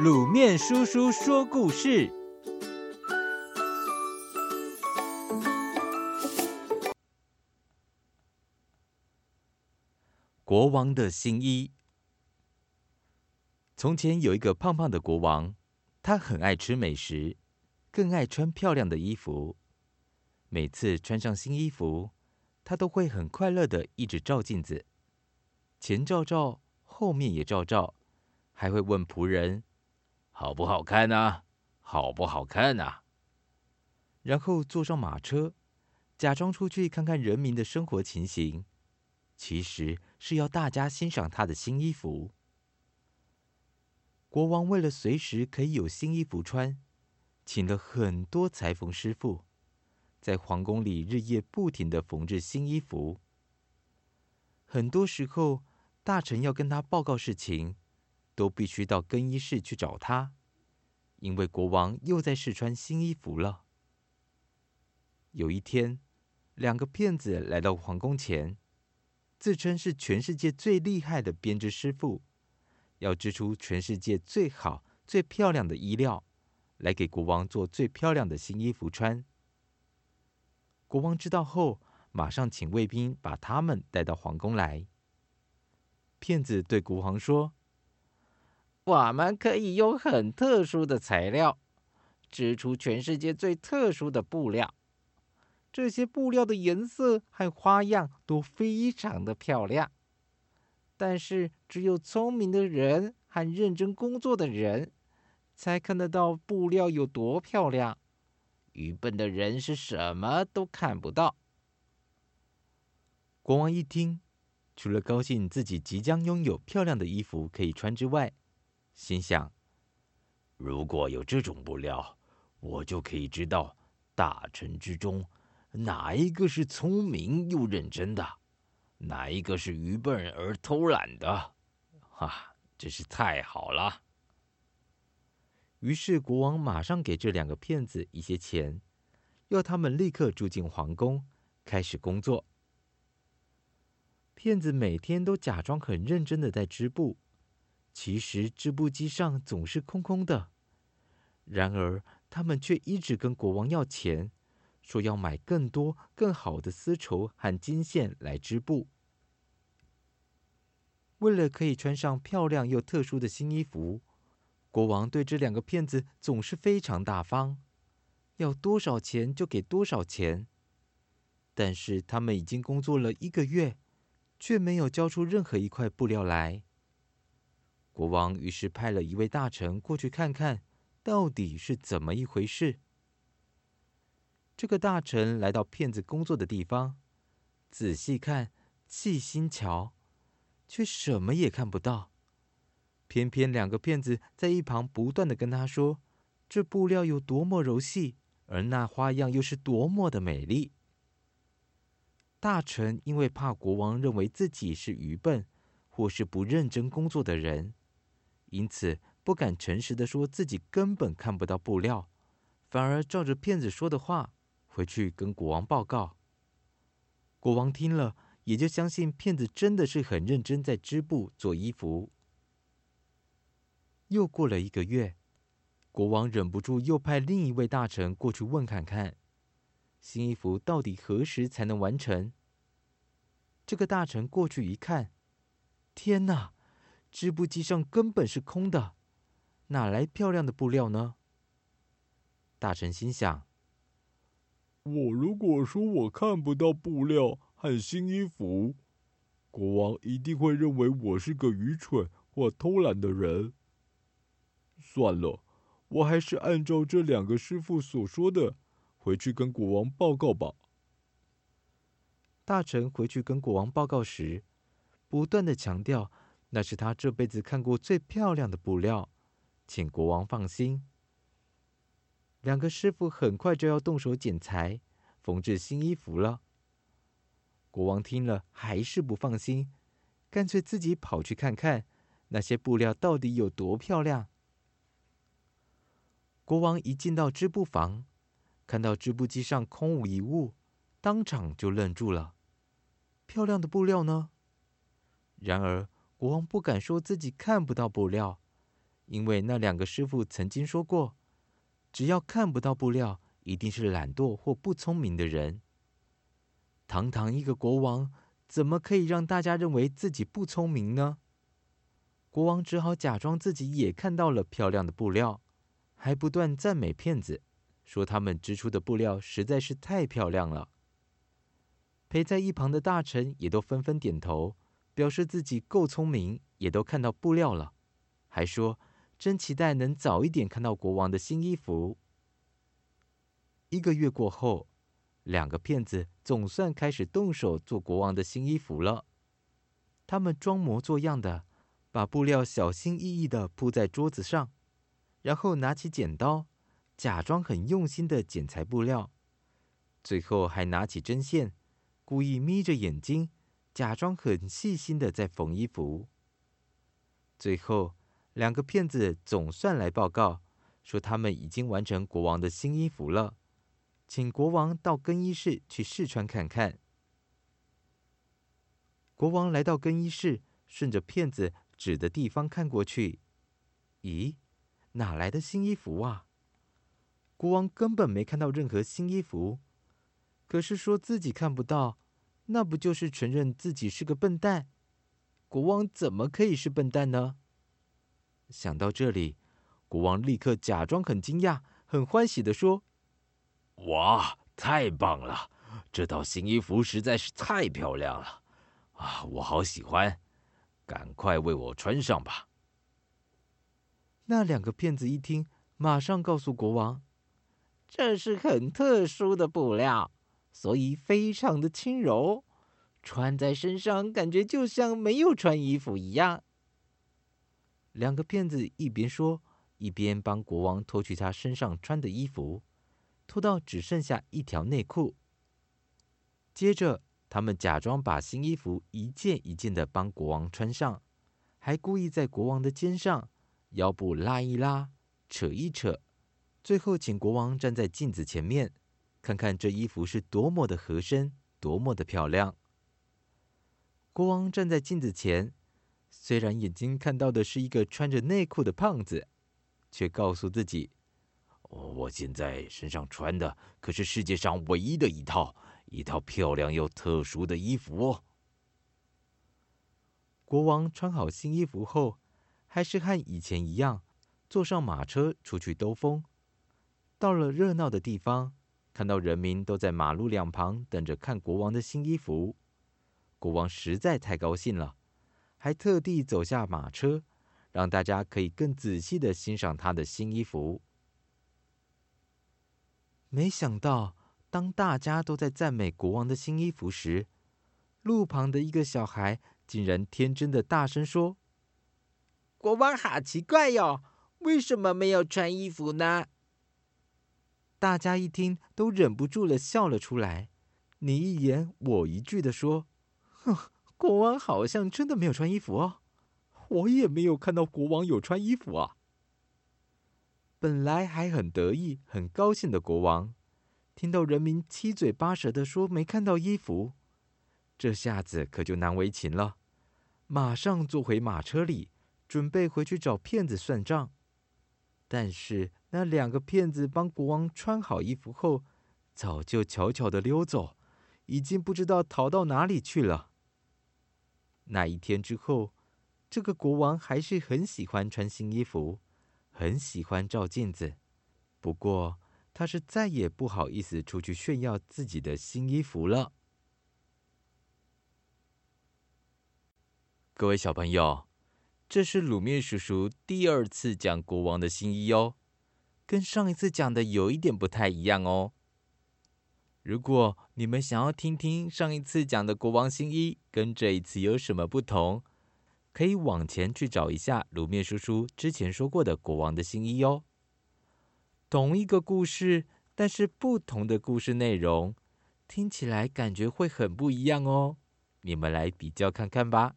滷麵叔叔說故事：國王的新衣。從前有一個胖胖的國王，他很愛吃美食，更愛穿漂亮的衣服。每次穿上新衣服，他都會很快樂的一直照鏡子，前照照，後面也照照，還會問僕人。好不好看吶、啊？好不好看吶、啊？然後坐上馬車，假裝出去看看人民的生活情形，其實是要大家欣賞他的新衣服。國王為了隨時可以有新衣服穿，請了很多裁縫師傅，在皇宮裡日夜不停的縫制新衣服。很多時候，大臣要跟他報告事情。都必須到更衣室去找他，因為國王又在試穿新衣服了。有一天，兩個騙子來到皇宮前，自稱是全世界最厲害的編織師傅，要織出全世界最好、最漂亮的衣料，來給國王做最漂亮的新衣服穿。國王知道後，馬上請衛兵把他們帶到皇宮來。騙子對國王說，我們可以用很特殊的材料織出全世界最特殊的布料。這些布料的顏色和花樣都非常的漂亮，但是只有聰明的人和認真工作的人才看得到布料有多漂亮。愚笨的人是什麼都看不到。國王一聽，除了高興自己即將擁有漂亮的衣服可以穿之外，心想，如果有這種布料，我就可以知道大臣之中哪一個是聰明又認真的，哪一個是愚笨而偷懶的。哈、啊，真是太好了！於是國王馬上給這兩個騙子一些錢，要他們立刻住進皇宮，開始工作。騙子每天都假裝很認真的在織布。其實織布機上總是空空的，然而他們卻一直跟國王要錢，說要買更多更好的絲綢和金線來織布。為了可以穿上漂亮又特殊的新衣服，國王對這兩個騙子總是非常大方，要多少錢就給多少錢。但是他們已經工作了一個月，卻沒有交出任何一塊布料來。國王於是派了一位大臣過去看看，到底是怎麼一回事。這個大臣來到騙子工作的地方，仔細看，細心瞧，卻什麼也看不到。偏偏兩個騙子在一旁不斷的跟他說：“這布料有多麼柔細，而那花樣又是多麼的美麗。”大臣因為怕國王認為自己是愚笨或是不認真工作的人。因此不敢誠實的說自己根本看不到布料，反而照着騙子說的話回去跟國王報告。國王聽了也就相信騙子真的是很認真在織布做衣服。又過了一個月，國王忍不住又派另一位大臣過去問看看，新衣服到底何時才能完成？這個大臣過去一看，天哪！織布機上根本是空的，哪來漂亮的布料呢？大臣心想：“我如果說我看不到布料和新衣服，國王一定會認為我是個愚蠢或偷懶的人。算了，我還是按照這兩個師傅所說的，回去跟國王報告吧。”大臣回去跟國王報告時，不斷的強調。那是他這輩子看過最漂亮的布料，請國王放心。兩個師傅很快就要動手剪裁、縫制新衣服了。國王聽了還是不放心，乾脆自己跑去看看那些布料到底有多漂亮。國王一進到織布房，看到織布機上空無一物，當場就愣住了：“漂亮的布料呢？”然而，國王不敢說自己看不到布料，因為那兩個師傅曾經說過，只要看不到布料，一定是懶惰或不聰明的人。堂堂一個國王，怎麼可以讓大家認為自己不聰明呢？國王只好假裝自己也看到了漂亮的布料，還不斷讚美騙子，說他們織出的布料實在是太漂亮了。陪在一旁的大臣也都紛紛點頭。表示自己夠聰明，也都看到布料了，還說真期待能早一點看到國王的新衣服。一個月過後，兩個騙子總算開始動手做國王的新衣服了。他們裝模作樣的把布料小心翼翼的鋪在桌子上，然後拿起剪刀，假裝很用心的剪裁布料，最後還拿起針線，故意眯着眼睛。假裝很細心的在縫衣服。最後，兩個騙子總算來報告，說他們已經完成國王的新衣服了，請國王到更衣室去試穿看看。國王來到更衣室，順着騙子指的地方看過去，咦，哪來的新衣服啊？國王根本沒看到任何新衣服，可是說自己看不到。那不就是承認自己是個笨蛋？國王怎麼可以是笨蛋呢？想到這裡，國王立刻假裝很驚訝、很歡喜的說：“哇，太棒了！這套新衣服實在是太漂亮了啊，我好喜歡，趕快為我穿上吧。”那兩個騙子一聽，馬上告訴國王：“這是很特殊的布料。”所以非常的輕柔，穿在身上感覺就像沒有穿衣服一樣。兩個騙子一邊說，一邊幫國王脫去他身上穿的衣服，脫到只剩下一條內褲。接着，他們假裝把新衣服一件一件的幫國王穿上，還故意在國王的肩上、腰部拉一拉、扯一扯，最後請國王站在鏡子前面。看看這衣服是多麼的合身，多麼的漂亮。國王站在鏡子前，雖然眼睛看到的是一個穿着內褲的胖子，卻告訴自己：“我現在身上穿的可是世界上唯一的一套，一套漂亮又特殊的衣服哦。”國王穿好新衣服後，還是和以前一樣，坐上馬車出去兜風。到了熱鬧的地方。看到人民都在馬路兩旁等着看國王的新衣服，國王實在太高興了，還特地走下馬車，讓大家可以更仔細的欣賞他的新衣服。沒想到，當大家都在讚美國王的新衣服時，路旁的一個小孩竟然天真的大聲說：“國王好奇怪喲，為什麼沒有穿衣服呢？”大家一聽，都忍不住了，笑了出來。你一言我一句的說：“哼，國王好像真的沒有穿衣服哦。我也沒有看到國王有穿衣服啊。”本來還很得意、很高興的國王，聽到人民七嘴八舌的說沒看到衣服，這下子可就難為情了。馬上坐回馬車裡，準備回去找騙子算賬。但是，那兩個騙子幫國王穿好衣服後，早就悄悄的溜走，已經不知道逃到哪裡去了。那一天之後，這個國王還是很喜歡穿新衣服，很喜歡照鏡子，不過他是再也不好意思出去炫耀自己的新衣服了。各位小朋友，這是魯面叔叔第二次講國王的新衣哦。跟上一次講的有一點不太一樣哦。如果你們想要聽聽上一次講的國王新衣跟這一次有什麼不同，可以往前去找一下魯麵叔叔之前說過的國王的新衣哦。同一個故事，但是不同的故事內容，聽起來感覺會很不一樣哦。你們來比較看看吧。